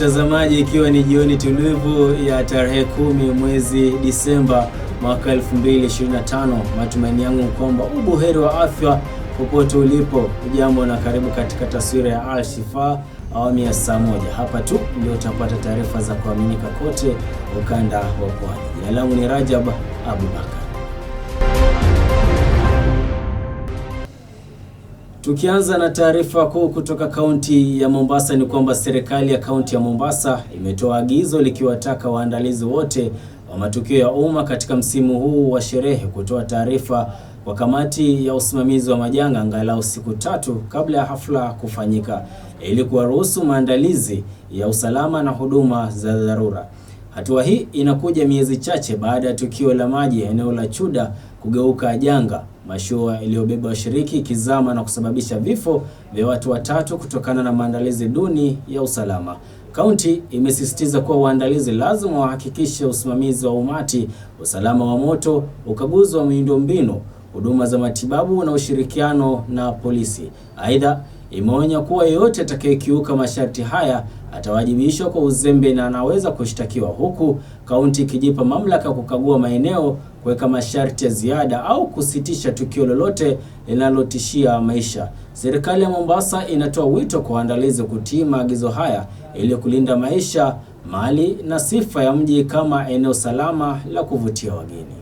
mtazamaji, ikiwa ni jioni tulivu ya tarehe kumi mwezi Disemba mwaka 2025, matumaini yangu kwamba ubuheri wa afya popote ulipo. Ujambo na karibu katika taswira ya Al Shifaa awamu ya saa moja. Hapa tu ndio utapata taarifa za kuaminika kote ukanda wa pwani. Jina langu ni Rajab Abubakar. Tukianza na taarifa kuu kutoka kaunti ya Mombasa ni kwamba serikali ya kaunti ya Mombasa imetoa agizo likiwataka waandalizi wote wa matukio ya umma katika msimu huu wa sherehe kutoa taarifa kwa kamati ya usimamizi wa majanga angalau siku tatu kabla ya hafla kufanyika ili kuwaruhusu maandalizi ya usalama na huduma za dharura. Hatua hii inakuja miezi chache baada ya tukio la maji eneo la Chuda kugeuka janga, mashua iliyobeba washiriki ikizama na kusababisha vifo vya watu watatu kutokana na maandalizi duni ya usalama. Kaunti imesisitiza kuwa waandalizi lazima wahakikishe usimamizi wa umati, usalama wa moto, ukaguzi wa miundombinu, huduma za matibabu na ushirikiano na polisi. Aidha, imeonya kuwa yeyote atakayekiuka masharti haya atawajibishwa kwa uzembe na anaweza kushtakiwa, huku kaunti ikijipa mamlaka kukagua maeneo kuweka masharti ya ziada au kusitisha tukio lolote linalotishia maisha. Serikali ya Mombasa inatoa wito kwa waandalizi kutii maagizo haya ili kulinda maisha, mali na sifa ya mji kama eneo salama la kuvutia wageni.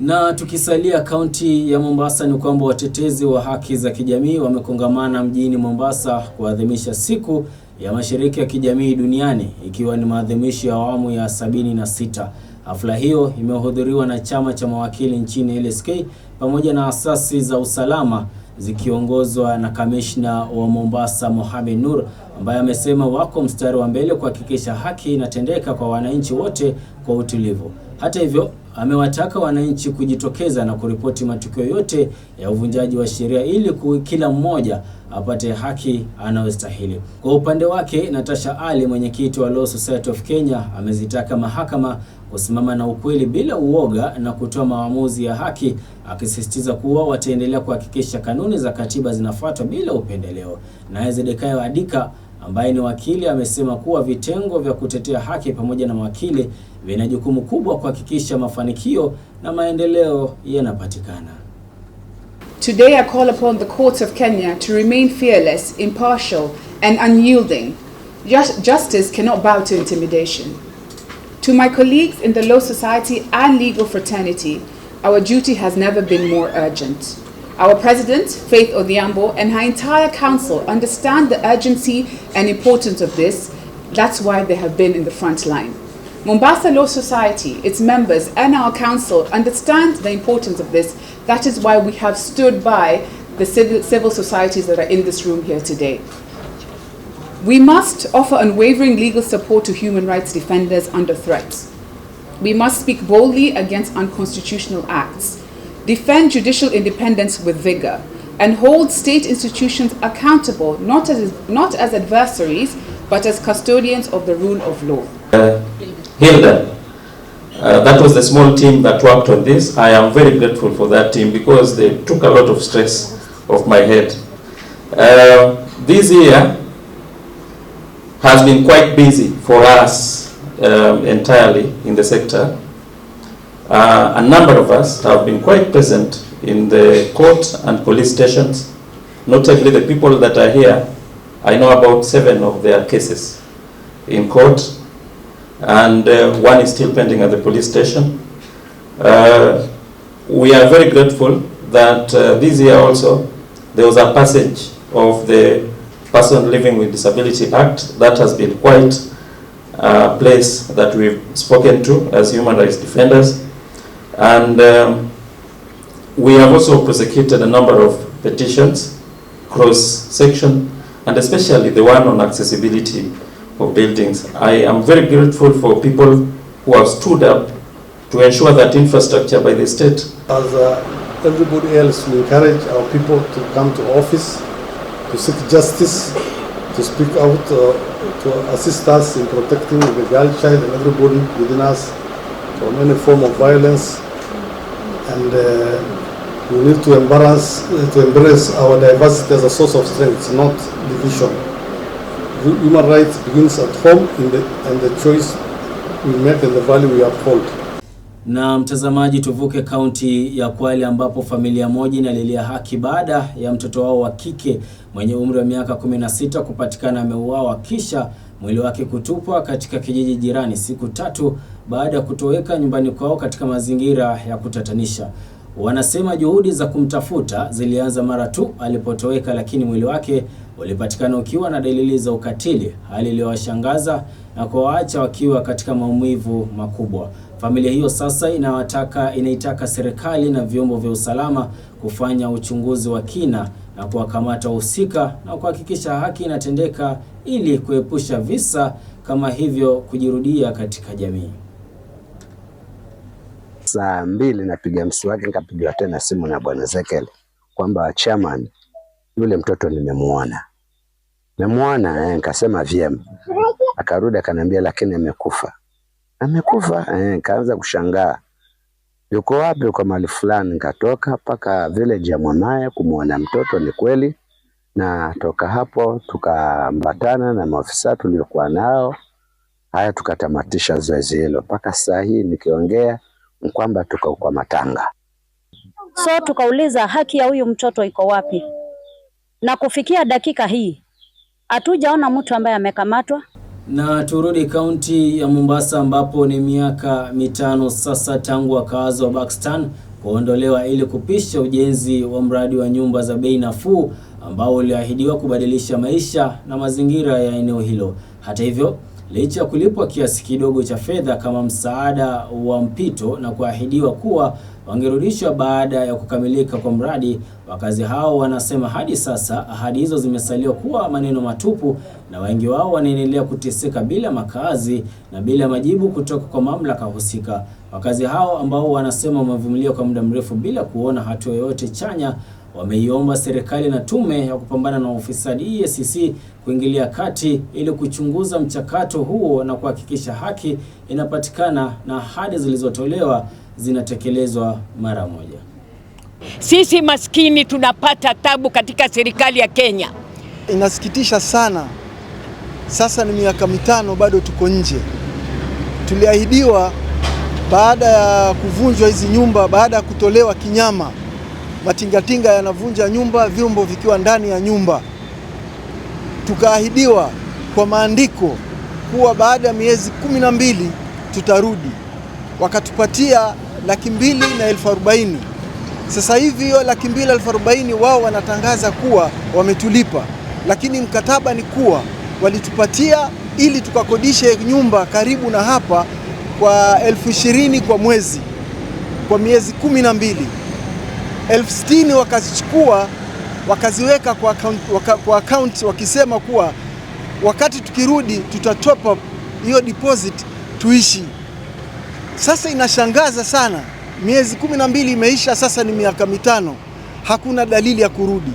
Na tukisalia kaunti ya Mombasa ni kwamba watetezi wa haki za kijamii wamekongamana mjini Mombasa kuadhimisha siku ya mashirika ya kijamii duniani ikiwa ni maadhimisho ya awamu ya sabini na sita. Hafla hiyo imehudhuriwa na chama cha mawakili nchini LSK pamoja na asasi za usalama zikiongozwa na kamishna wa Mombasa Mohamed Nur ambaye amesema wako mstari wa mbele kuhakikisha haki inatendeka kwa wananchi wote kwa utulivu. Hata hivyo, amewataka wananchi kujitokeza na kuripoti matukio yote ya uvunjaji wa sheria ili kila mmoja apate haki anayostahili. Kwa upande wake, Natasha Ali, mwenyekiti wa Law Society of Kenya, amezitaka mahakama kusimama na ukweli bila uoga na kutoa maamuzi ya haki, akisisitiza kuwa wataendelea kuhakikisha kanuni za katiba zinafuatwa bila upendeleo. Naye Zedekaya Adika ambaye ni wakili amesema kuwa vitengo vya kutetea haki pamoja na mawakili vina jukumu kubwa kuhakikisha mafanikio na maendeleo yanapatikana. Today I call upon the courts of Kenya to remain fearless, impartial and unyielding. Just, justice cannot bow to intimidation. To my colleagues in the Law Society and legal fraternity, our duty has never been more urgent. Our president, Faith Odhiambo, and her entire council understand the urgency and importance of this. That's why they have been in the front line. Mombasa Law Society, its members, and our council understand the importance of this. That is why we have stood by the civil societies that are in this room here today. We must offer unwavering legal support to human rights defenders under threat. We must speak boldly against unconstitutional acts, defend judicial independence with vigor, and hold state institutions accountable not as, not as adversaries, but as custodians of the rule of law. Uh, Hilda, uh, that was the small team that worked on this. I am very grateful for that team because they took a lot of stress off my head. Uh, this year, has been quite busy for us um, entirely in the sector. Uh, a number of us have been quite present in the court and police stations. Notably, the people that are here, I know about seven of their cases in court, and uh, one is still pending at the police station. Uh, we are very grateful that uh, this year also there was a passage of the Person Living with Disability Act, that has been quite a place that we've spoken to as human rights defenders. And um, we have also prosecuted a number of petitions, cross-section, and especially the one on accessibility of buildings. I am very grateful for people who have stood up to ensure that infrastructure by the state. As uh, everybody else, we encourage our people to come to office to seek justice, to speak out, uh, to assist us in protecting the girl child and everybody within us from any form of violence. And uh, we need to embrace, uh, to embrace our diversity as a source of strength, not division. Human rights begins at home in the, and the choice we make and the value we uphold. Na mtazamaji, tuvuke kaunti ya Kwale ambapo familia moja inalilia haki baada ya mtoto wao wa kike mwenye umri wa miaka 16 kupatikana ameuawa kisha mwili wake kutupwa katika kijiji jirani siku tatu baada ya kutoweka nyumbani kwao katika mazingira ya kutatanisha. Wanasema juhudi za kumtafuta zilianza mara tu alipotoweka, lakini mwili wake ulipatikana ukiwa na dalili za ukatili, hali iliyowashangaza na kuwaacha wakiwa katika maumivu makubwa. Familia hiyo sasa inawataka inaitaka serikali na vyombo vya usalama kufanya uchunguzi wa kina na kuwakamata wahusika na kuhakikisha haki inatendeka ili kuepusha visa kama hivyo kujirudia katika jamii. Saa mbili napiga mswaki, nikapigiwa tena simu na bwana zekel kwamba chairman, yule mtoto nimemuona, nimemuona eh, nikasema vyema. Akarudi akaniambia lakini amekufa amekufa. Eh, kaanza kushangaa yuko wapi, kwa mali fulani. katoka mpaka village ya mwanaye kumwona mtoto, ni kweli. Na toka hapo tukaambatana na maafisa tuliokuwa nao haya, tukatamatisha zoezi hilo. Mpaka saa hii nikiongea kwamba tuko kwa matanga. So tukauliza haki ya huyu mtoto iko wapi, na kufikia dakika hii hatujaona mtu ambaye amekamatwa. Na turudi kaunti ya Mombasa ambapo ni miaka mitano sasa tangu wakazi wa Pakistan kuondolewa ili kupisha ujenzi wa mradi wa nyumba za bei nafuu ambao uliahidiwa kubadilisha maisha na mazingira ya eneo hilo. Hata hivyo, licha ya kulipwa kiasi kidogo cha fedha kama msaada wa mpito na kuahidiwa kuwa wangerudishwa baada ya kukamilika kwa mradi. Wakazi hao wanasema hadi sasa ahadi hizo zimesalia kuwa maneno matupu na wengi wao wanaendelea kuteseka bila makazi na bila majibu kutoka kwa mamlaka husika. Wakazi hao ambao wanasema wamevumilia kwa muda mrefu bila kuona hatua yoyote chanya wameiomba serikali na tume ya kupambana na ufisadi EACC kuingilia kati ili kuchunguza mchakato huo na kuhakikisha haki inapatikana na ahadi zilizotolewa zinatekelezwa mara moja. Sisi maskini tunapata tabu katika serikali ya Kenya. Inasikitisha sana. Sasa ni miaka mitano bado tuko nje. Tuliahidiwa baada ya kuvunjwa hizi nyumba, baada ya kutolewa kinyama matingatinga yanavunja nyumba, vyombo vikiwa ndani ya nyumba. Tukaahidiwa kwa maandiko kuwa baada ya miezi kumi na mbili tutarudi, wakatupatia laki mbili na elfu arobaini. Sasa hivi hiyo laki mbili elfu arobaini wao wanatangaza kuwa wametulipa, lakini mkataba ni kuwa walitupatia ili tukakodishe nyumba karibu na hapa kwa elfu ishirini kwa mwezi kwa miezi kumi na mbili elfu sitini wakazichukua wakaziweka kwa account, waka, kwa account wakisema kuwa wakati tukirudi tuta top up hiyo deposit tuishi. Sasa inashangaza sana, miezi kumi na mbili imeisha, sasa ni miaka mitano, hakuna dalili ya kurudi.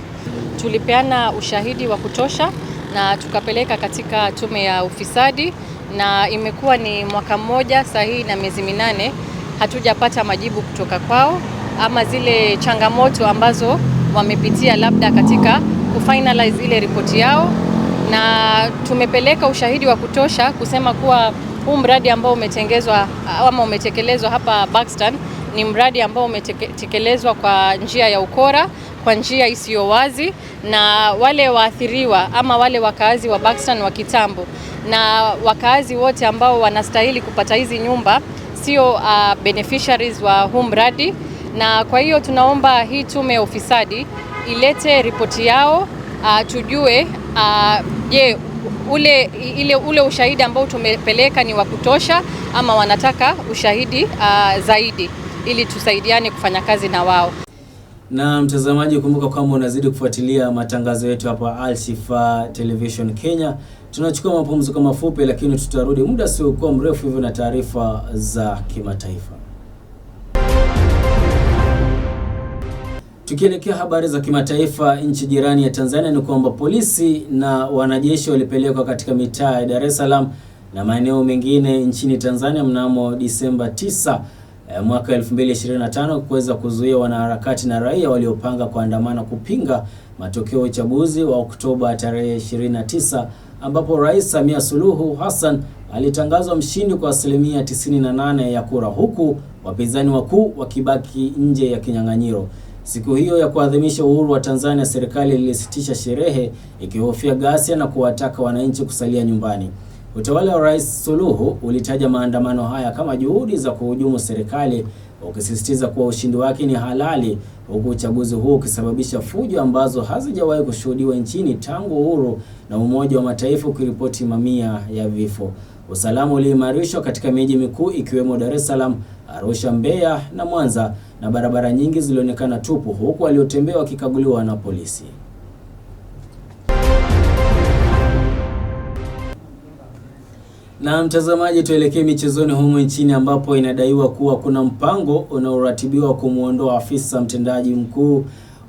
Tulipeana ushahidi wa kutosha na tukapeleka katika tume ya ufisadi, na imekuwa ni mwaka mmoja sahihi na miezi minane hatujapata majibu kutoka kwao ama zile changamoto ambazo wamepitia labda katika kufinalize ile ripoti yao, na tumepeleka ushahidi wa kutosha kusema kuwa huu mradi ambao umetengezwa ama umetekelezwa hapa Buxton ni mradi ambao umetekelezwa kwa njia ya ukora, kwa njia isiyo wazi, na wale waathiriwa ama wale wakaazi wa Buxton wa kitambo na wakaazi wote ambao wanastahili kupata hizi nyumba sio uh, beneficiaries wa huu mradi na kwa hiyo tunaomba hii tume ya ufisadi ilete ripoti yao uh, tujue ah, je, uh, ule, ile, ule ushahidi ambao tumepeleka ni wa kutosha ama wanataka ushahidi uh, zaidi ili tusaidiane kufanya kazi na wao. Na mtazamaji, kumbuka kwamba unazidi kufuatilia matangazo yetu hapa Al Television Kenya. Tunachukua mapumziko mafupi, lakini tutarudi muda siokuwa mrefu hivyo na taarifa za kimataifa. Tukielekea habari za kimataifa, nchi jirani ya Tanzania, ni kwamba polisi na wanajeshi walipelekwa katika mitaa ya Dar es Salaam na maeneo mengine nchini Tanzania mnamo Disemba 9 eh, mwaka 2025 kuweza kuzuia wanaharakati na raia waliopanga kuandamana kupinga matokeo ya uchaguzi wa Oktoba tarehe 29 ambapo Rais Samia Suluhu Hassan alitangazwa mshindi kwa asilimia 98 ya kura huku wapinzani wakuu wakibaki nje ya kinyang'anyiro. Siku hiyo ya kuadhimisha uhuru wa Tanzania, serikali ilisitisha sherehe ikihofia ghasia na kuwataka wananchi kusalia nyumbani. Utawala wa Rais Suluhu ulitaja maandamano haya kama juhudi za kuhujumu serikali, ukisisitiza kuwa ushindi wake ni halali, huku uchaguzi huo ukisababisha fujo ambazo hazijawahi kushuhudiwa nchini tangu uhuru na Umoja wa Mataifa ukiripoti mamia ya vifo. Usalama uliimarishwa katika miji mikuu ikiwemo Dar es Salaam, Arusha, Mbeya na Mwanza na barabara nyingi zilionekana tupu huku waliotembea wakikaguliwa na polisi. Na mtazamaji, tuelekee michezoni humu nchini ambapo inadaiwa kuwa kuna mpango unaoratibiwa kumwondoa afisa mtendaji mkuu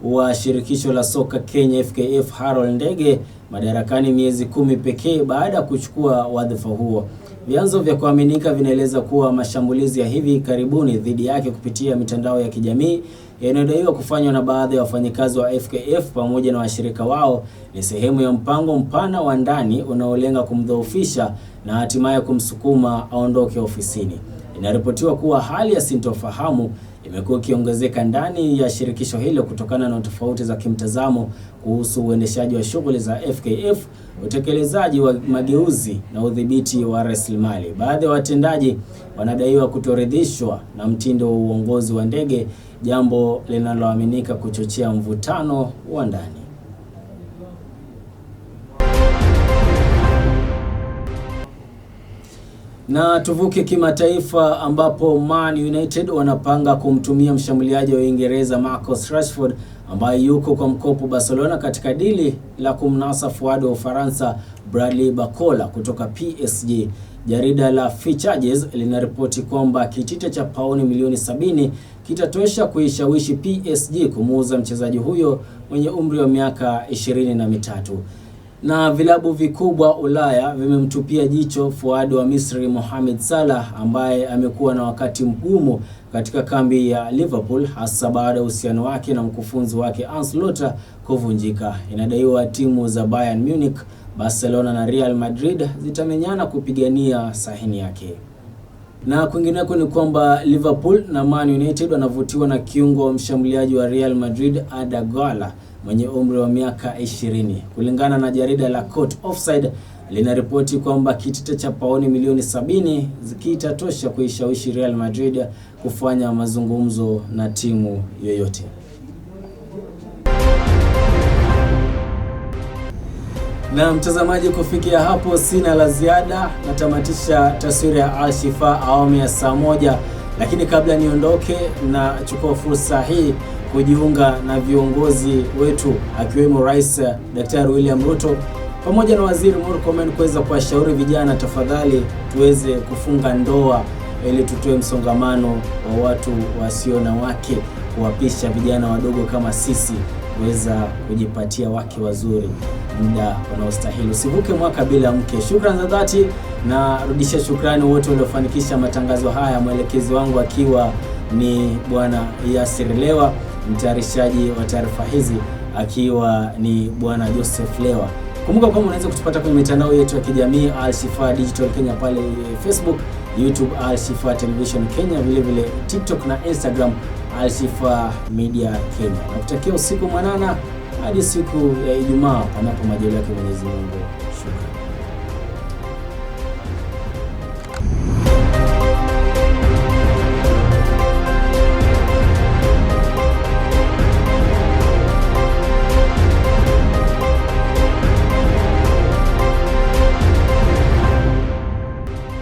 wa shirikisho la soka Kenya FKF Harold Ndege madarakani miezi kumi pekee baada ya kuchukua wadhifa huo. Vyanzo vya kuaminika vinaeleza kuwa mashambulizi ya hivi karibuni dhidi yake kupitia mitandao ya kijamii yanayodaiwa kufanywa na baadhi ya wafanyikazi wa FKF pamoja na washirika wao ni sehemu ya mpango mpana wa ndani unaolenga kumdhoofisha na hatimaye kumsukuma aondoke ofisini. Inaripotiwa kuwa hali ya sintofahamu imekuwa ikiongezeka ndani ya shirikisho hilo kutokana na tofauti za kimtazamo kuhusu uendeshaji wa shughuli za FKF, utekelezaji wa mageuzi na udhibiti wa rasilimali. Baadhi ya watendaji wanadaiwa kutoridhishwa na mtindo wa uongozi wa ndege, jambo linaloaminika kuchochea mvutano wa ndani. Na tuvuke kimataifa ambapo Man United wanapanga kumtumia mshambuliaji wa Uingereza Marcus Rashford ambaye yuko kwa mkopo Barcelona katika dili la kumnasa fuad wa Ufaransa Bradley Barcola kutoka PSG. Jarida la Fichajes linaripoti kwamba kitita cha pauni milioni sabini kitatosha kuishawishi PSG kumuuza mchezaji huyo mwenye umri wa miaka ishirini na mitatu. Na vilabu vikubwa Ulaya vimemtupia jicho fuadi wa Misri Mohamed Salah ambaye amekuwa na wakati mgumu katika kambi ya Liverpool hasa baada ya uhusiano wake na mkufunzi wake Ancelotti kuvunjika. Inadaiwa timu za Bayern Munich, Barcelona na Real Madrid zitamenyana kupigania sahini yake. Na kwingineko ni kwamba Liverpool na Man United wanavutiwa na kiungo wa mshambuliaji wa Real Madrid Ada gala mwenye umri wa miaka 20. Kulingana na jarida la Court Offside linaripoti kwamba kitita cha paoni milioni sabini zikitatosha kuishawishi Real Madrid kufanya mazungumzo na timu yoyote. Na mtazamaji, kufikia hapo sina la ziada, natamatisha taswira ya Alshifa awamu ya saa moja, lakini kabla niondoke, nachukua fursa hii kujiunga na viongozi wetu akiwemo Rais Daktari William Ruto pamoja na Waziri Murkomen kuweza kuwashauri vijana, tafadhali tuweze kufunga ndoa ili tutoe msongamano wa watu wasio na wake, kuwapisha vijana wadogo kama sisi kuweza kujipatia wake wazuri muda unaostahili. Usivuke mwaka bila mke. Shukrani za dhati na rudisha shukrani wote waliofanikisha matangazo haya, mwelekezi wangu akiwa ni bwana Yasir Lewa, mtayarishaji wa taarifa hizi akiwa ni bwana Joseph Lewa. Kumbuka kwamba unaweza kutupata kwenye mitandao yetu ya kijamii Al Shifa Digital Kenya pale Facebook, YouTube Al Shifa Television Kenya, vile vile TikTok na Instagram Al Shifa Media Kenya. Nakutakia usiku mwanana hadi siku ya Ijumaa, panapo majaliwa yake Mwenyezi Mungu. Shukrani.